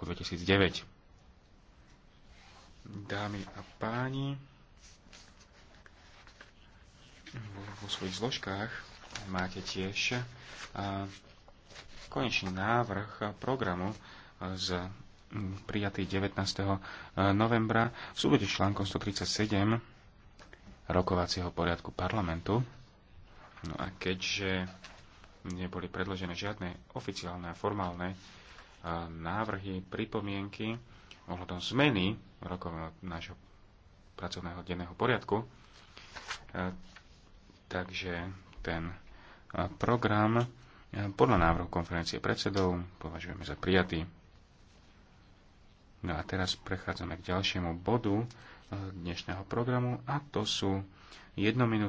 roku 2009. Dámy a páni, vo svojich zložkách máte tiež konečný návrh programu z prijatý 19. E, novembra v súlade s článkom 137 rokovacieho poriadku parlamentu. No a keďže neboli predložené žiadne oficiálne a formálne návrhy, pripomienky ohľadom zmeny rokov nášho pracovného denného poriadku. E, takže ten e, program e, podľa návrhu konferencie predsedov považujeme za prijatý. No a teraz prechádzame k ďalšiemu bodu dnešného programu a to sú jednominútne